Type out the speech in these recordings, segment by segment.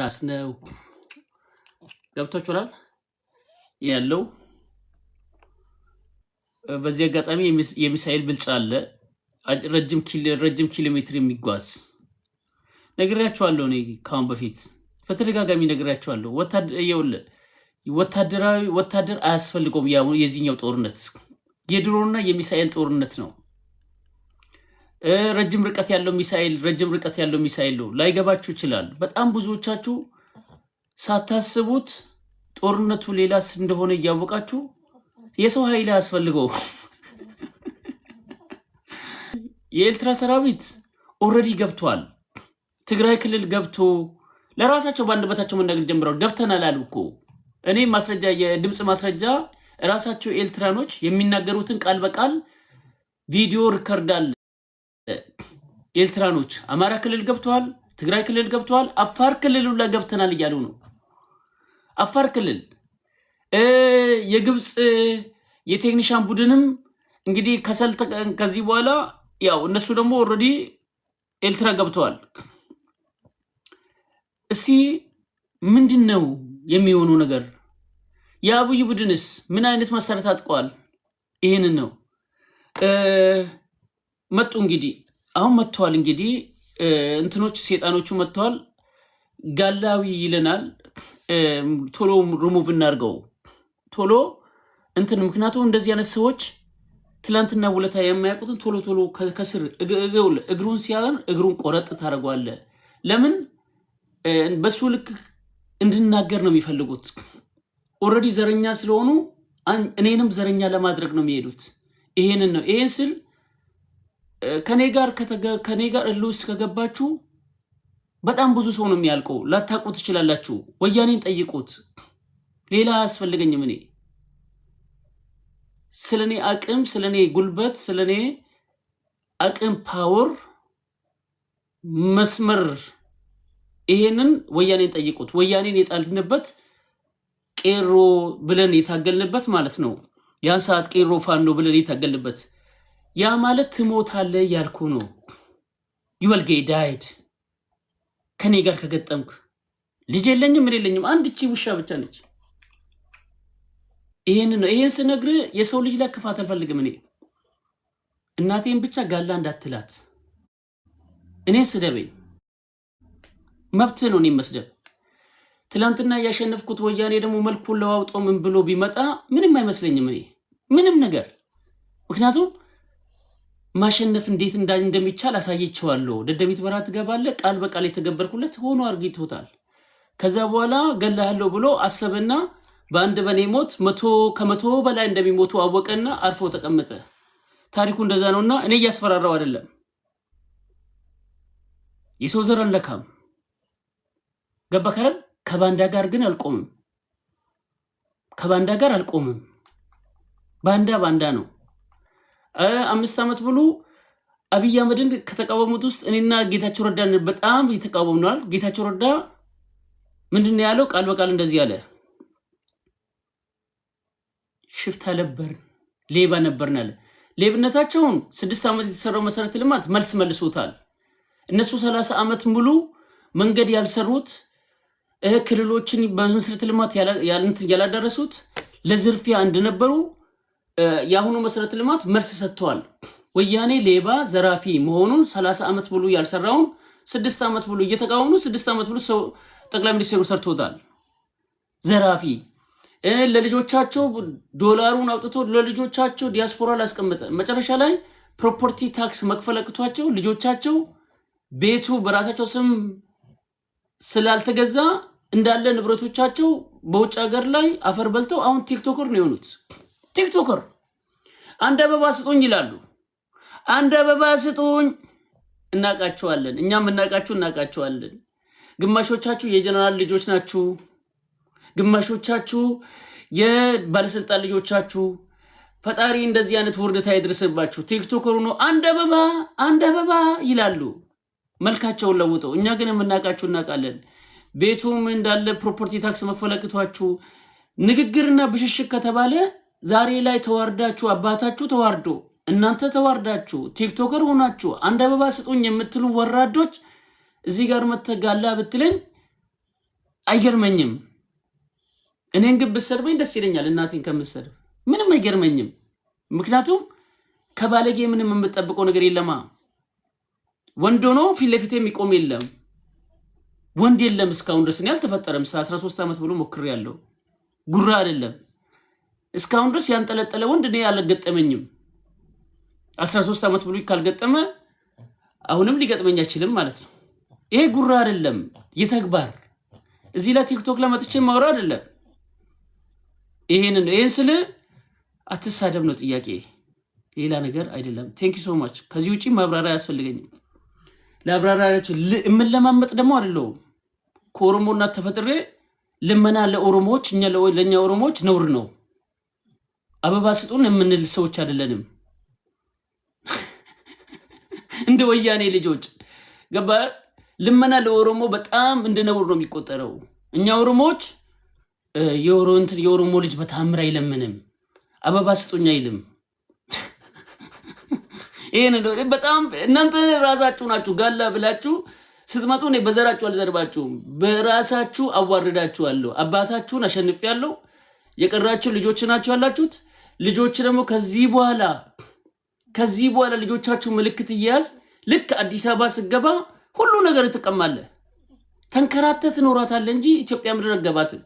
ራስ ነው። ገብቷችኋል ያለው በዚህ አጋጣሚ የሚሳኤል ብልጫ አለ። ረጅም ኪሎ ሜትር የሚጓዝ ነግሬያቸዋለሁ። እኔ ከአሁን በፊት በተደጋጋሚ ነግሬያቸዋለሁ። ወታደራዊ ወታደር አያስፈልገውም። የዚህኛው ጦርነት የድሮና የሚሳኤል ጦርነት ነው። ረጅም ርቀት ያለው ሚሳይል ረጅም ርቀት ያለው ሚሳይል ነው። ላይገባችሁ ይችላል። በጣም ብዙዎቻችሁ ሳታስቡት ጦርነቱ ሌላስ እንደሆነ እያወቃችሁ የሰው ኃይል አያስፈልገው የኤርትራ ሰራዊት ኦልሬዲ ገብቷል። ትግራይ ክልል ገብቶ ለራሳቸው በአንደበታቸው መናገር ጀምረዋል። ገብተናል አሉ እኮ እኔ ማስረጃ የድምፅ ማስረጃ ራሳቸው ኤርትራኖች የሚናገሩትን ቃል በቃል ቪዲዮ ሪከርድ አለ። ኤርትራኖች አማራ ክልል ገብተዋል፣ ትግራይ ክልል ገብተዋል፣ አፋር ክልል ላ ገብተናል እያሉ ነው። አፋር ክልል የግብፅ የቴክኒሻን ቡድንም እንግዲህ ከሰል ከዚህ በኋላ ያው እነሱ ደግሞ ኦልሬዲ ኤርትራ ገብተዋል። እስቲ ምንድን ነው የሚሆኑ ነገር? የአብይ ቡድንስ ምን አይነት መሰረት አጥቀዋል? ይህንን ነው መጡ እንግዲህ አሁን መጥተዋል። እንግዲህ እንትኖች ሴጣኖቹ መጥተዋል። ጋላዊ ይለናል። ቶሎ ሪሙቭ እናድርገው ቶሎ እንትን ምክንያቱም እንደዚህ አይነት ሰዎች ትላንትና ውለታ የማያውቁትን ቶሎ ቶሎ ከስር እግሩን ሲያን እግሩን ቆረጥ ታደርጓለ። ለምን በሱ ልክ እንድናገር ነው የሚፈልጉት። ኦልሬዲ ዘረኛ ስለሆኑ እኔንም ዘረኛ ለማድረግ ነው የሚሄዱት። ይሄንን ነው ይሄን ስል ከኔ ጋር ከኔ ጋር እልህ ውስጥ ከገባችሁ በጣም ብዙ ሰው ነው የሚያልቀው። ላታውቁ ትችላላችሁ። ወያኔን ጠይቁት። ሌላ አያስፈልገኝም። እኔ ስለ እኔ አቅም፣ ስለ እኔ ጉልበት፣ ስለ እኔ አቅም ፓወር መስመር ይሄንን ወያኔን ጠይቁት። ወያኔን የጣልንበት ቄሮ ብለን የታገልንበት ማለት ነው። ያን ሰዓት ቄሮ ፋኖ ብለን የታገልንበት ያ ማለት ትሞታለህ እያልኩ ነው። ይወልጌ ዳይድ ከኔ ጋር ከገጠምኩ ልጅ የለኝም ምን የለኝም፣ አንድ እቺ ውሻ ብቻ ነች። ይህን ነው ይህን ስነግር የሰው ልጅ ላይ ክፋት አልፈልግም። እኔ እናቴን ብቻ ጋላ እንዳትላት፣ እኔ ስደበኝ፣ መብት ነው እኔን መስደብ። ትላንትና ያሸነፍኩት ወያኔ ደግሞ መልኩን ለዋውጦ ምን ብሎ ቢመጣ ምንም አይመስለኝም እኔ ምንም ነገር ምክንያቱም ማሸነፍ እንዴት እንደሚቻል አሳየችዋለሁ። ደደቢት በረሃ ትገባለህ፣ ቃል በቃል የተገበርኩለት ሆኖ አርግቶታል። ከዛ በኋላ ገላሃለሁ ብሎ አሰበና በአንድ በኔ ሞት መቶ ከመቶ በላይ እንደሚሞቱ አወቀና አርፎ ተቀመጠ። ታሪኩ እንደዛ ነውና እኔ እያስፈራራው አይደለም። የሰው ዘር አልለካም። ገባ ከረን ከባንዳ ጋር ግን አልቆምም። ከባንዳ ጋር አልቆምም። ባንዳ ባንዳ ነው። አምስት ዓመት ሙሉ አብይ አህመድን ከተቃወሙት ውስጥ እኔና ጌታቸው ረዳ በጣም የተቃወምነዋል። ጌታቸው ረዳ ምንድን ነው ያለው? ቃል በቃል እንደዚህ አለ። ሽፍታ ነበርን፣ ሌባ ነበርን አለ። ሌብነታቸውን ስድስት ዓመት የተሰራው መሰረተ ልማት መልስ መልሶታል። እነሱ ሰላሳ ዓመት ሙሉ መንገድ ያልሰሩት ክልሎችን በመሰረተ ልማት ያላደረሱት ለዝርፊያ እንደነበሩ የአሁኑ መሰረተ ልማት መልስ ሰጥተዋል። ወያኔ ሌባ፣ ዘራፊ መሆኑን ሰላሳ ዓመት ብሎ ያልሰራውን ስድስት ዓመት ብሎ እየተቃወሙ ስድስት ዓመት ብሎ ሰው ጠቅላይ ሚኒስትሩ ሰርቶታል። ዘራፊ ለልጆቻቸው ዶላሩን አውጥቶ ለልጆቻቸው ዲያስፖራ ላስቀመጠ መጨረሻ ላይ ፕሮፐርቲ ታክስ መክፈል አቅቷቸው ልጆቻቸው ቤቱ በራሳቸው ስም ስላልተገዛ እንዳለ ንብረቶቻቸው በውጭ ሀገር ላይ አፈር በልተው አሁን ቲክቶከር ነው የሆኑት። ቲክቶከር አንድ አበባ ስጡኝ ይላሉ። አንድ አበባ ስጡኝ። እናቃችኋለን፣ እኛም እናቃችሁ፣ እናቃችኋለን። ግማሾቻችሁ የጀነራል ልጆች ናችሁ፣ ግማሾቻችሁ የባለስልጣን ልጆቻችሁ። ፈጣሪ እንደዚህ አይነት ውርደት አይድርስባችሁ። ቲክቶከሩ ነው አንድ አበባ አንድ አበባ ይላሉ መልካቸውን ለውጠው። እኛ ግን የምናውቃችሁ እናውቃለን። ቤቱም እንዳለ ፕሮፐርቲ ታክስ መፈለክቷችሁ ንግግርና ብሽሽቅ ከተባለ ዛሬ ላይ ተዋርዳችሁ አባታችሁ ተዋርዶ እናንተ ተዋርዳችሁ ቲክቶከር ሆናችሁ አንድ አበባ ስጡኝ የምትሉ ወራዶች እዚህ ጋር መተጋላ ብትለኝ አይገርመኝም። እኔን ግን ብትሰድበኝ ደስ ይለኛል። እናቴን ከምትሰድብ ምንም አይገርመኝም። ምክንያቱም ከባለጌ ምንም የምጠብቀው ነገር የለማ። ወንድ ሆኖ ፊት ለፊት የሚቆም የለም። ወንድ የለም። እስካሁን ድረስ እኔ አልተፈጠረም። ስለ 13 ዓመት ብሎ ሞክር ያለው ጉራ አይደለም እስካሁን ድረስ ያንጠለጠለ ወንድ እኔ አልገጠመኝም። አስራ ሶስት ዓመት ብሎ ካልገጠመ አሁንም ሊገጥመኝ አይችልም ማለት ነው። ይሄ ጉራ አይደለም፣ የተግባር እዚህ ላይ ቲክቶክ ላይ መጥቼ ማውራ አይደለም። ይሄንን ይሄን ስል አትሳደብ ነው ጥያቄ፣ ሌላ ነገር አይደለም። ቴንክ ዩ ሶ ማች። ከዚህ ውጪ ማብራሪያ አያስፈልገኝም። ለአብራራሪያቸው የምለማመጥ ደግሞ አይደለሁም። ከኦሮሞ እናት ተፈጥሬ ልመና ለኦሮሞዎች ለእኛ ኦሮሞዎች ነውር ነው። አበባ ስጡን የምንል ሰዎች አይደለንም። እንደ ወያኔ ልጆች ገባ ልመና ለኦሮሞ በጣም እንደ ነውር ነው የሚቆጠረው። እኛ ኦሮሞዎች የኦሮሞ ልጅ በታምር አይለምንም፣ አበባ ስጡኝ አይልም። ይህን በጣም እናንተ ራሳችሁ ናችሁ ጋላ ብላችሁ ስትመጡ እኔ በዘራችሁ አልዘርባችሁም፣ በራሳችሁ አዋርዳችኋለሁ። አባታችሁን አሸንፍ ያለው የቀራችሁ ልጆች ናችሁ ያላችሁት ልጆች ደግሞ ከዚህ በኋላ ከዚህ በኋላ ልጆቻችሁ ምልክት እያያዝ ልክ አዲስ አበባ ስገባ ሁሉ ነገር ትቀማለ ተንከራተ ትኖራታለ እንጂ ኢትዮጵያ ምድር አገባትም።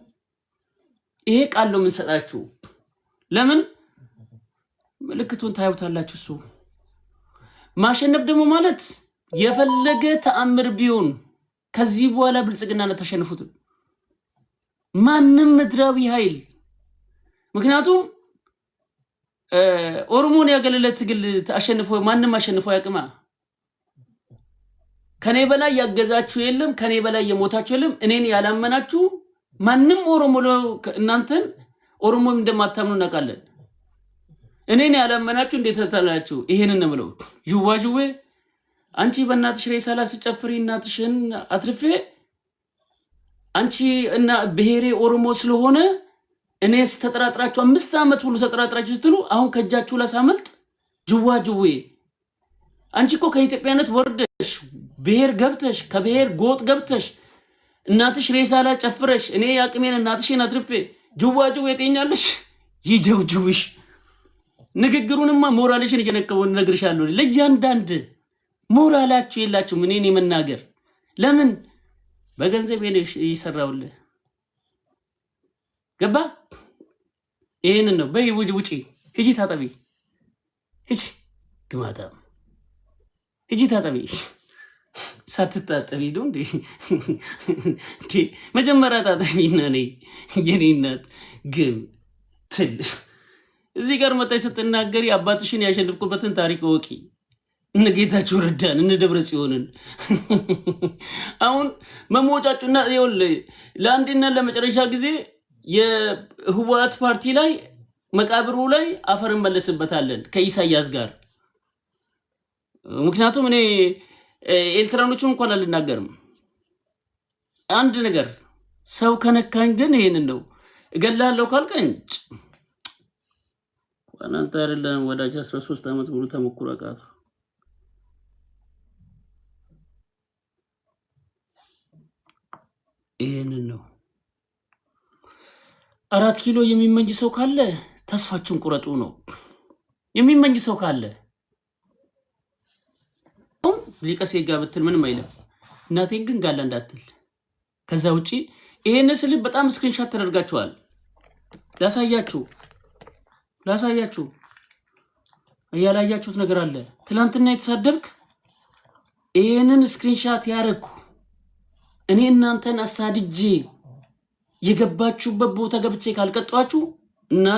ይሄ ቃል ነው የምንሰጣችሁ። ለምን ምልክቱን ታዩታላችሁ። እሱ ማሸነፍ ደግሞ ማለት የፈለገ ተአምር ቢሆን ከዚህ በኋላ ብልጽግና ነው ተሸንፉትም ማንም ምድራዊ ኃይል ምክንያቱም ኦሮሞን ያገለለ ትግል አሸንፎ ማንም አሸንፎ ያቅማ። ከኔ በላይ ያገዛችሁ የለም፣ ከኔ በላይ የሞታችሁ የለም። እኔን ያላመናችሁ ማንም ኦሮሞ እናንተን ኦሮሞም እንደማታምኑ እናውቃለን። እኔን ያላመናችሁ እንዴት ታላችሁ? ይሄንን ብለው ዥዋዥዌ አንቺ በእናትሽ ሬሳ ላይ ስጨፍሪ እናትሽን አትርፌ አንቺ እና ብሔሬ ኦሮሞ ስለሆነ እኔስ ተጠራጥራችሁ አምስት ዓመት ሁሉ ተጠራጥራችሁ ስትሉ አሁን ከእጃችሁ ለሳመልጥ ጅዋ ጅዌ። አንቺ እኮ ከኢትዮጵያነት ወርደሽ ብሔር ገብተሽ ከብሔር ጎጥ ገብተሽ እናትሽ ሬሳ ላይ ጨፍረሽ እኔ የአቅሜን እናትሽን አትርፌ ጅዋ ጅዌ ጤኛለሽ ይጀው ጅውሽ ንግግሩንማ ሞራልሽን እየነቀበው እነግርሻለሁ። ለእያንዳንድ ሞራላችሁ የላችሁም እኔን የመናገር ለምን በገንዘብ ይሰራውልህ ገባ። ይህንን ነው። በይ ውጪ፣ ሂጂ ታጠቢ፣ ሂጂ ግማታ፣ ሂጂ ታጠቢ። ሳትታጠቢ ዶ እንዴ? መጀመሪያ ታጠቢና ነይ። የኔ እናት ግን ትል እዚህ ጋር መጣች ስትናገሪ አባትሽን ያሸንፍኩበትን ታሪክ ወቂ። እነ ጌታቸው ረዳን እነ ደብረ ጽዮንን አሁን መሞጫጩና ለአንድና ለመጨረሻ ጊዜ የህወሓት ፓርቲ ላይ መቃብሩ ላይ አፈር እንመለስበታለን ከኢሳያስ ጋር። ምክንያቱም እኔ ኤልትራኖቹ እንኳን አልናገርም። አንድ ነገር ሰው ከነካኝ ግን ይህንን ነው እገላለሁ ካልቀኝ አንተ አይደለም ወዳጅ 13 ዓመት ሙሉ ተሞክሮ አቃቱ። ይህንን ነው አራት ኪሎ የሚመኝ ሰው ካለ ተስፋችሁን ቁረጡ ነው የሚመኝ ሰው ካለ ሊቀሴ ጋ ብትል ምንም አይለም። እናቴን ግን ጋለ እንዳትል። ከዛ ውጪ ይሄን ስል በጣም ስክሪንሻት ተደርጋችኋል። ላሳያችሁ ላሳያችሁ እያላያችሁት ነገር አለ። ትላንትና የተሳደብክ ይህንን ስክሪንሻት ያረግኩ እኔ እናንተን አሳድጄ የገባችሁበት ቦታ ገብቼ ካልቀጧችሁ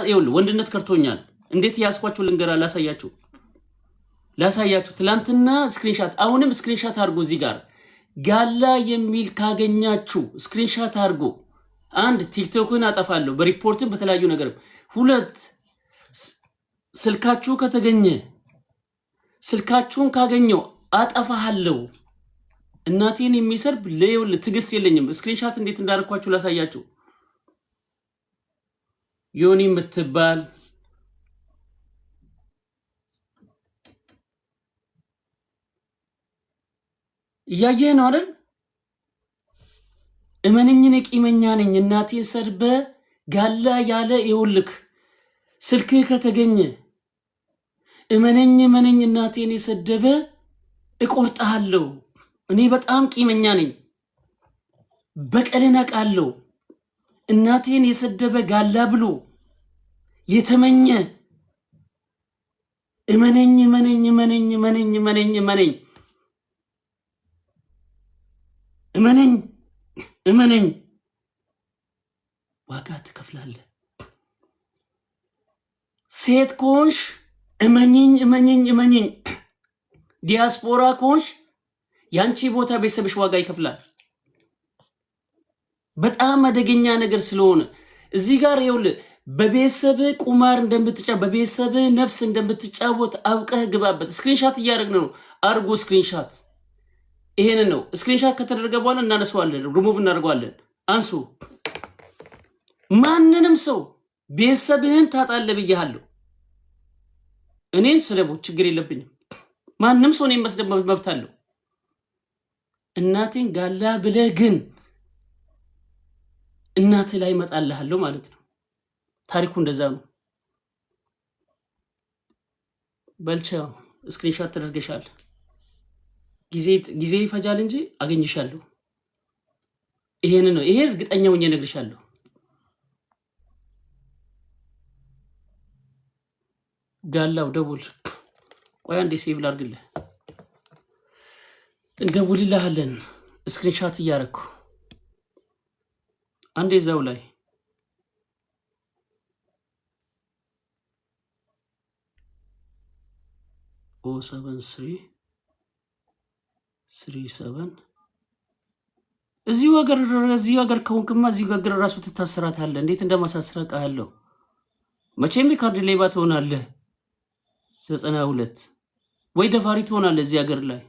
ይኸውልህ ወንድነት ከርቶኛል። እንዴት ያስኳችሁ ልንገራ፣ ላሳያችሁ ላሳያችሁ። ትላንትና ስክሪንሻት፣ አሁንም ስክሪንሻት አድርጎ እዚህ ጋር ጋላ የሚል ካገኛችሁ ስክሪንሻት አድርጎ አንድ ቲክቶክን አጠፋለሁ በሪፖርትን በተለያዩ ነገርም። ሁለት ስልካችሁ ከተገኘ ስልካችሁን ካገኘው አጠፋሃለሁ። እናቴን የሚሰርብ ለየውል ትግስት የለኝም። ስክሪንሻት እንዴት እንዳደረኳችሁ ላሳያችሁ። ዮኒ የምትባል እያየህ ነው አይደል? እመንኝን ቂመኛ ነኝ። እናቴን ሰርበ ጋላ ያለ የውልክ ስልክህ ከተገኘ እመነኝ እመነኝ እናቴን የሰደበ እቆርጣሃለሁ እኔ በጣም ቂመኛ ነኝ። በቀልን አውቃለሁ። እናቴን የሰደበ ጋላ ብሎ የተመኘ እመነኝ እመነኝ እመነኝ እመነኝ እመነኝ እመነኝ እመነኝ እመነኝ ዋጋ ትከፍላለህ። ሴት ከሆንሽ እመኝኝ እመኝኝ እመኝኝ ዲያስፖራ ከሆንሽ ያንቺ ቦታ ቤተሰብሽ ዋጋ ይከፍላል። በጣም አደገኛ ነገር ስለሆነ እዚህ ጋር ይኸውልህ በቤተሰብ ቁማር እንደምትጫ በቤተሰብ ነፍስ እንደምትጫወት አውቀህ ግባበት። ስክሪንሻት እያደረግን ነው። አርጎ ስክሪንሻት ይሄንን ነው። ስክሪንሻት ከተደረገ በኋላ እናነሳዋለን፣ ሪሙቭ እናደርገዋለን። አንሱ። ማንንም ሰው ቤተሰብህን ታጣለ ብያለሁ። እኔን ስለቦ ችግር የለብኝም። ማንም ሰው እኔን መስደብ መብት አለው። እናቴን ጋላ ብለህ ግን እናት ላይ እመጣልሃለሁ ማለት ነው። ታሪኩ እንደዛ ነው። በልቻ ስክሪንሾት ተደርገሻል። ጊዜ ይፈጃል እንጂ አገኝሻለሁ። ይሄን ነው ይሄ እርግጠኛ ሆኜ እነግርሻለሁ። ጋላው ደቡል ቆይ አንዴ ሴቭ ላድርግልህ። እንደውልልሃለን። ስክሪንሻት እያረግኩ አንዴ እዛው ላይ ኦ ሰቨን ስሪ ስሪ ሰቨን እዚሁ ሀገር እዚሁ ሀገር ከሆንክማ እዚሁ ሀገር ራሱ አለ። እንዴት እንደማሳስራ ያለው መቼም የካርድ ሌባ ትሆናለህ። ዘጠና ሁለት ወይ ደፋሪ ትሆናለህ እዚህ ሀገር ላይ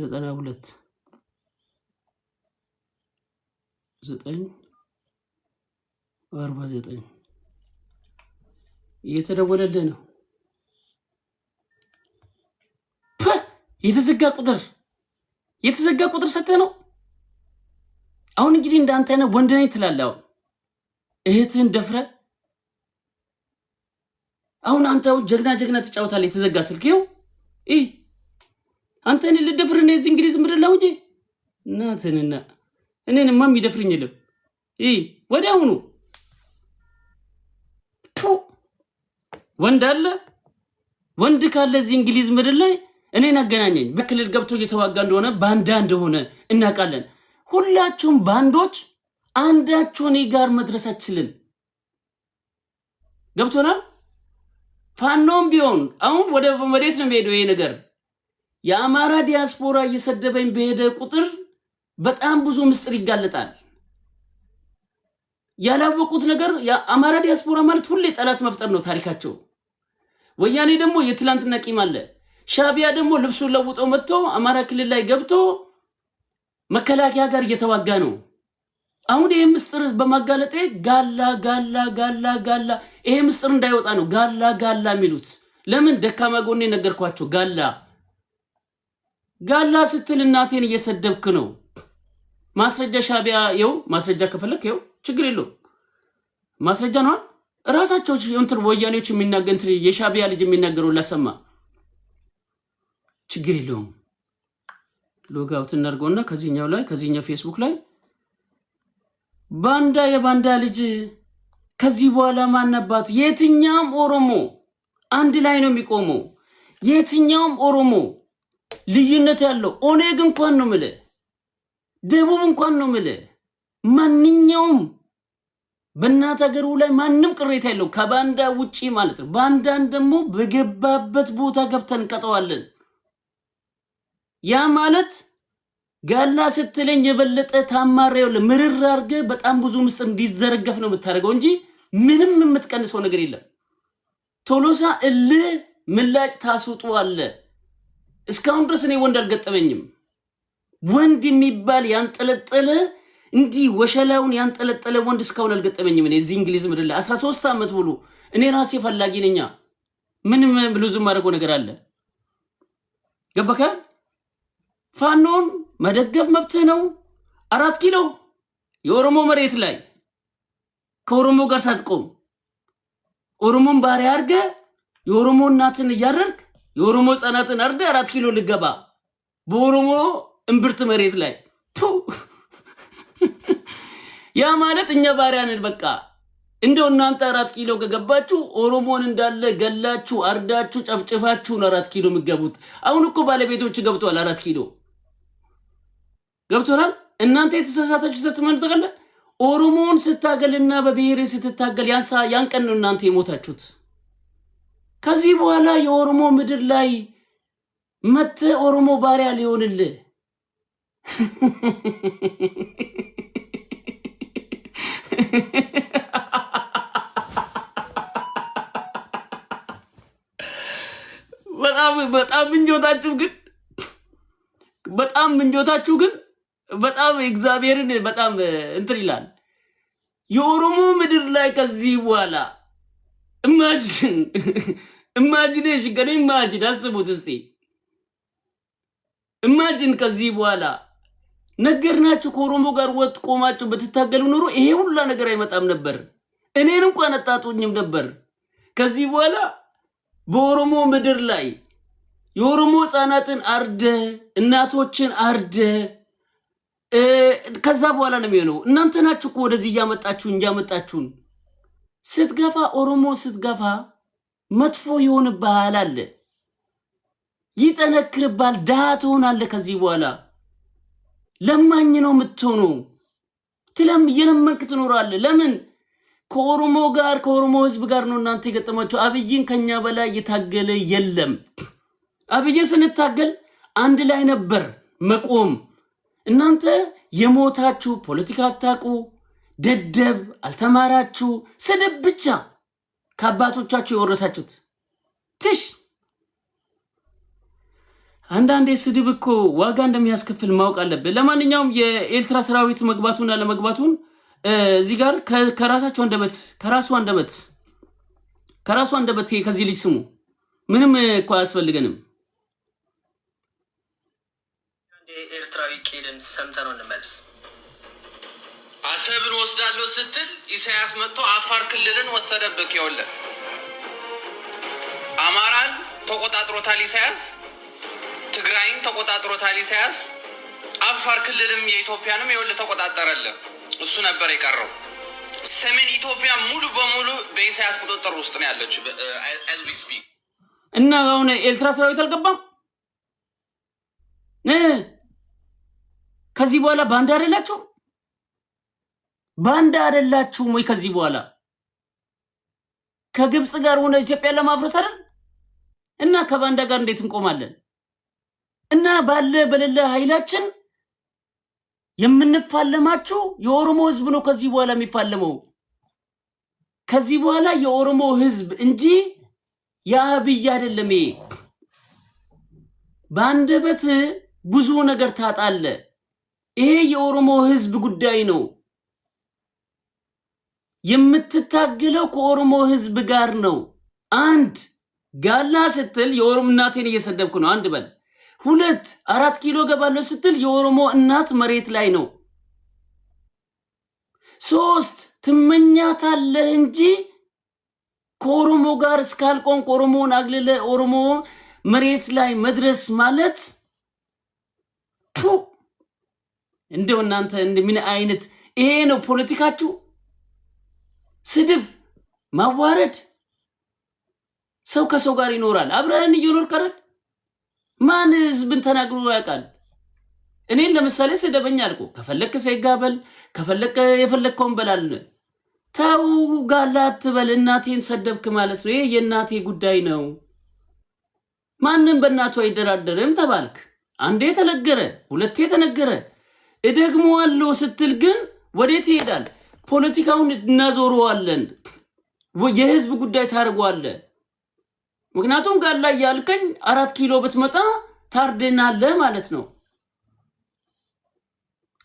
ዘጠና ሁለት ዘጠኝ አርባ ዘጠኝ እየተደወለልህ ነው። የተዘጋ ቁጥር የተዘጋ ቁጥር ሰጥተህ ነው። አሁን እንግዲህ እንዳንተ አይነት ወንድ ነኝ ትላለህ። አሁን እህትህን ደፍረህ አሁን አንተ ጀግና ጀግና ትጫወታለህ። የተዘጋ ስልክ ይኸው አንተ እኔ ልደፍር ነው እዚህ እንግሊዝ ምድር ላይ እንጂ እናትንና እኔንማ የሚደፍርኝ የለም። ይህ ወዲያውኑ ወንድ አለ። ወንድ ካለ እዚህ እንግሊዝ ምድር ላይ እኔን አገናኘኝ። በክልል ገብቶ እየተዋጋ እንደሆነ ባንዳ እንደሆነ እናውቃለን። ሁላችሁም ባንዶች አንዳችሁ እኔ ጋር መድረስ አችልን ገብቶናል። ፋኖም ቢሆን አሁን ወደ መሬት ነው የሚሄደው ይሄ ነገር? የአማራ ዲያስፖራ እየሰደበኝ በሄደ ቁጥር በጣም ብዙ ምስጢር ይጋለጣል። ያላወቁት ነገር የአማራ ዲያስፖራ ማለት ሁሌ ጠላት መፍጠር ነው ታሪካቸው። ወያኔ ደግሞ የትላንትና ቂም አለ። ሻቢያ ደግሞ ልብሱን ለውጦ መጥቶ አማራ ክልል ላይ ገብቶ መከላከያ ጋር እየተዋጋ ነው። አሁን ይሄ ምስጢር በማጋለጤ ጋላ ጋላ ጋላ ጋላ ይሄ ምስጢር እንዳይወጣ ነው ጋላ ጋላ የሚሉት። ለምን ደካማ ጎኔ ነገርኳቸው ጋላ ጋላ ስትል እናቴን እየሰደብክ ነው። ማስረጃ ሻቢያ የው ማስረጃ ከፈለክ የው ችግር የለውም ማስረጃ ነዋል። እራሳቸው እንትን ወያኔዎች የሚናገር የሻቢያ ልጅ የሚናገረው ላሰማ ችግር የለውም። ሎጋውት አውት እናድርገውና ከዚህኛው ላይ ከዚህኛው ፌስቡክ ላይ ባንዳ የባንዳ ልጅ ከዚህ በኋላ ማነባቱ የትኛውም ኦሮሞ አንድ ላይ ነው የሚቆመው። የትኛውም ኦሮሞ ልዩነት ያለው ኦኔግ እንኳን ነው ምል ደቡብ እንኳን ነው ምል ማንኛውም በእናት ሀገሩ ላይ ማንም ቅሬታ የለው ከባንዳ ውጪ ማለት ነው። ባንዳን ደግሞ በገባበት ቦታ ገብተን እንቀጠዋለን። ያ ማለት ጋላ ስትለኝ የበለጠ ታማሪ ያለ ምርር አርገ በጣም ብዙ ምስጥ እንዲዘረገፍ ነው የምታደርገው እንጂ ምንም የምትቀንሰው ነገር የለም። ቶሎሳ እልህ ምላጭ ታስውጡ አለ። እስካሁን ድረስ እኔ ወንድ አልገጠመኝም። ወንድ የሚባል ያንጠለጠለ እንዲህ ወሸላውን ያንጠለጠለ ወንድ እስካሁን አልገጠመኝም። እኔ እዚህ እንግሊዝ ምድር ላይ አስራ ሶስት ዓመት ሙሉ እኔ ራሴ ፈላጊ ነኛ። ምንም ብሉዝም ማድረገው ነገር አለ ገባካል። ፋኖን መደገፍ መብትህ ነው። አራት ኪሎ የኦሮሞ መሬት ላይ ከኦሮሞ ጋር ሳትቆም ኦሮሞን ባሪያ አድርገ የኦሮሞ እናትን እያረርክ የኦሮሞ ህጻናትን አርደ አራት ኪሎ ልገባ በኦሮሞ እምብርት መሬት ላይ ያ ማለት እኛ ባሪያ በቃ እንደው እናንተ አራት ኪሎ ከገባችሁ ኦሮሞን እንዳለ ገላችሁ አርዳችሁ ጨፍጭፋችሁን አራት ኪሎ የምገቡት። አሁን እኮ ባለቤቶች ገብቷል፣ አራት ኪሎ ገብቶናል። እናንተ የተሳሳታችሁ ስትመን ተቀለ ኦሮሞን ስታገልና በብሔር ስትታገል ያን ቀን ነው እናንተ የሞታችሁት። ከዚህ በኋላ የኦሮሞ ምድር ላይ መተ ኦሮሞ ባሪያ ሊሆንልህ በጣም በጣም ምኞታችሁ ግን በጣም ምኞታችሁ ግን በጣም እግዚአብሔርን በጣም እንትን ይላል። የኦሮሞ ምድር ላይ ከዚህ በኋላ ኢማጂን ኢማጂኔሽን ከነ ኢማጂን አስቡት እስቲ ኢማጂን ከዚህ በኋላ ነገርናችሁ ከኦሮሞ ጋር ወጥ ቆማችሁ ብትታገሉ ኖሮ ይሄ ሁላ ነገር አይመጣም ነበር። እኔን እንኳን አጣጡኝም ነበር። ከዚህ በኋላ በኦሮሞ ምድር ላይ የኦሮሞ ህፃናትን አርደ እናቶችን አርደ ከዛ በኋላ ነው የሚሆነው። እናንተ ናችሁ እኮ ወደዚህ እያመጣችሁን እያመጣችሁን ስትገፋ ኦሮሞ ስትገፋ መጥፎ ይሆንብሃል አለ፣ ይጠነክርባል፣ ድሃ ትሆናለህ። ከዚህ በኋላ ለማኝ ነው የምትሆነው። ትለም እየለመንክ ትኖራለህ። ለምን? ከኦሮሞ ጋር ከኦሮሞ ህዝብ ጋር ነው እናንተ የገጠማቸው። አብይን ከኛ በላይ እየታገለ የለም። አብይ ስንታገል አንድ ላይ ነበር መቆም። እናንተ የሞታችሁ ፖለቲካ አታውቁ ደደብ፣ አልተማራችሁ፣ ስድብ ብቻ ከአባቶቻችሁ የወረሳችሁት ትሽ። አንዳንዴ ስድብ እኮ ዋጋ እንደሚያስከፍል ማወቅ አለብን። ለማንኛውም የኤርትራ ሰራዊት መግባቱን አለመግባቱን እዚህ ጋር ከራሳቸው አንደበት ከራሱ አንደበት ከራሱ አንደበት ከዚህ ልጅ ስሙ። ምንም እኮ አያስፈልገንም። ኤርትራዊ ቄልን ሰምተነው እንመልስ። አሰብን ወስዳለሁ ስትል ኢሳያስ መጥቶ አፋር ክልልን ወሰደብክ። የወለ አማራን ተቆጣጥሮታል ኢሳያስ፣ ትግራይን ተቆጣጥሮታል ኢሳያስ፣ አፋር ክልልም የኢትዮጵያንም የወለ ተቆጣጠረለ። እሱ ነበር የቀረው። ሰሜን ኢትዮጵያ ሙሉ በሙሉ በኢሳያስ ቁጥጥር ውስጥ ነው ያለችው። እና አሁን ኤርትራ ሰራዊት አልገባም። ከዚህ በኋላ ባንድ አይደላቸው ባንዳ አይደላችሁም ወይ? ከዚህ በኋላ ከግብፅ ጋር ሆነ ኢትዮጵያ ለማፍረስ አይደል? እና ከባንዳ ጋር እንዴት እንቆማለን? እና ባለ በሌለ ኃይላችን የምንፋለማችሁ የኦሮሞ ህዝብ ነው። ከዚህ በኋላ የሚፋለመው ከዚህ በኋላ የኦሮሞ ህዝብ እንጂ የአብይ አይደለም። ይሄ በአንደበት ብዙ ነገር ታጣለ። ይሄ የኦሮሞ ህዝብ ጉዳይ ነው። የምትታገለው ከኦሮሞ ህዝብ ጋር ነው። አንድ ጋላ ስትል የኦሮሞ እናቴን እየሰደብኩ ነው፣ አንድ በል። ሁለት አራት ኪሎ ገባለሁ ስትል የኦሮሞ እናት መሬት ላይ ነው። ሶስት ትመኛታለህ እንጂ ከኦሮሞ ጋር እስካልቆም ከኦሮሞን አግልለ ኦሮሞ መሬት ላይ መድረስ ማለት ፑ እንደው እናንተ ምን አይነት ይሄ ነው ፖለቲካችሁ? ስድብ፣ ማዋረድ። ሰው ከሰው ጋር ይኖራል። አብረህን እየኖር ቀረል ማን ህዝብን ተናግሮ ያውቃል? እኔን ለምሳሌ ስደበኛ አልኩ። ከፈለክ ሴጋ በል፣ ከፈለክ የፈለግከውን በላል። ተው ጋላ አትበል። እናቴን ሰደብክ ማለት ነው። ይሄ የእናቴ ጉዳይ ነው። ማንም በእናቱ አይደራደርም ተባልክ። አንዴ ተነገረ፣ ሁለቴ ተነገረ። አለው ስትል ግን ወዴት ይሄዳል? ፖለቲካውን እናዞረዋለን። የህዝብ ጉዳይ ታደርገዋለህ። ምክንያቱም ላይ ያልከኝ አራት ኪሎ ብትመጣ ታርደናለ ማለት ነው።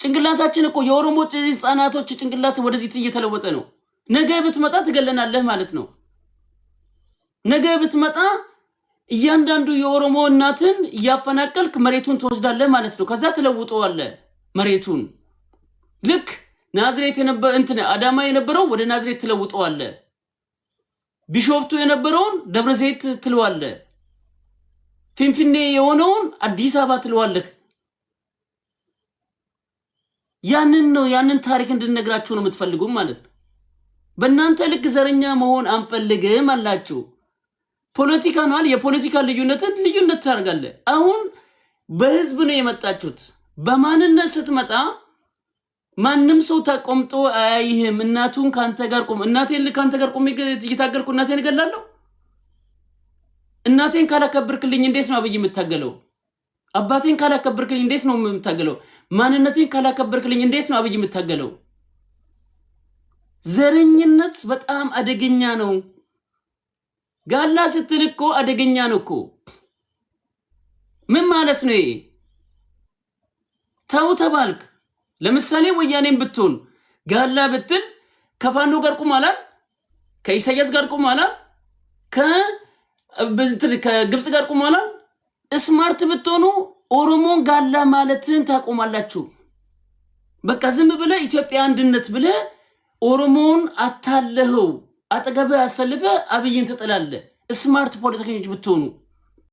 ጭንቅላታችን እኮ የኦሮሞ ህፃናቶች ጭንቅላት ወደዚህ እየተለወጠ ነው። ነገ ብትመጣ ትገለናለህ ማለት ነው። ነገ ብትመጣ እያንዳንዱ የኦሮሞ እናትን እያፈናቀልክ መሬቱን ትወስዳለህ ማለት ነው። ከዛ ትለውጠዋለህ መሬቱን ልክ ናዝሬት እንትን አዳማ የነበረው ወደ ናዝሬት ትለውጠዋለ። ቢሾፍቱ የነበረውን ደብረ ዘይት ትለዋለ። ፊንፊኔ የሆነውን አዲስ አበባ ትለዋለህ። ያንን ነው ያንን ታሪክ እንድነግራችሁ ነው የምትፈልጉም ማለት ነው። በእናንተ ልክ ዘረኛ መሆን አንፈልግም አላችሁ። ፖለቲካ ነዋል። የፖለቲካ ልዩነትን ልዩነት ታደርጋለህ። አሁን በህዝብ ነው የመጣችሁት። በማንነት ስትመጣ ማንም ሰው ተቆምጦ አይህም። እናቱን ከአንተ ጋር ቁም እናቴን ከአንተ ጋር ቁም እየታገልኩ እናቴን እገላለሁ። እናቴን ካላከብርክልኝ እንዴት ነው አብይ የምታገለው? አባቴን ካላከብርክልኝ እንዴት ነው የምታገለው? ማንነቴን ካላከብርክልኝ እንዴት ነው አብይ የምታገለው? ዘረኝነት በጣም አደገኛ ነው። ጋላ ስትል እኮ አደገኛ ነው እኮ። ምን ማለት ነው ይሄ? ተው ተባልክ ለምሳሌ ወያኔን ብትሆን ጋላ ብትል ከፋኖ ጋር ቁም አላል፣ ከኢሳያስ ጋር ቁም አላል፣ ከግብፅ ጋር ቁም አላል። ስማርት ብትሆኑ ኦሮሞን ጋላ ማለትን ታቆማላችሁ። በቃ ዝም ብለ ኢትዮጵያ አንድነት ብለ ኦሮሞውን አታለኸው አጠገብህ አሰልፈ አብይን ትጥላለ። ስማርት ፖለቲከኞች ብትሆኑ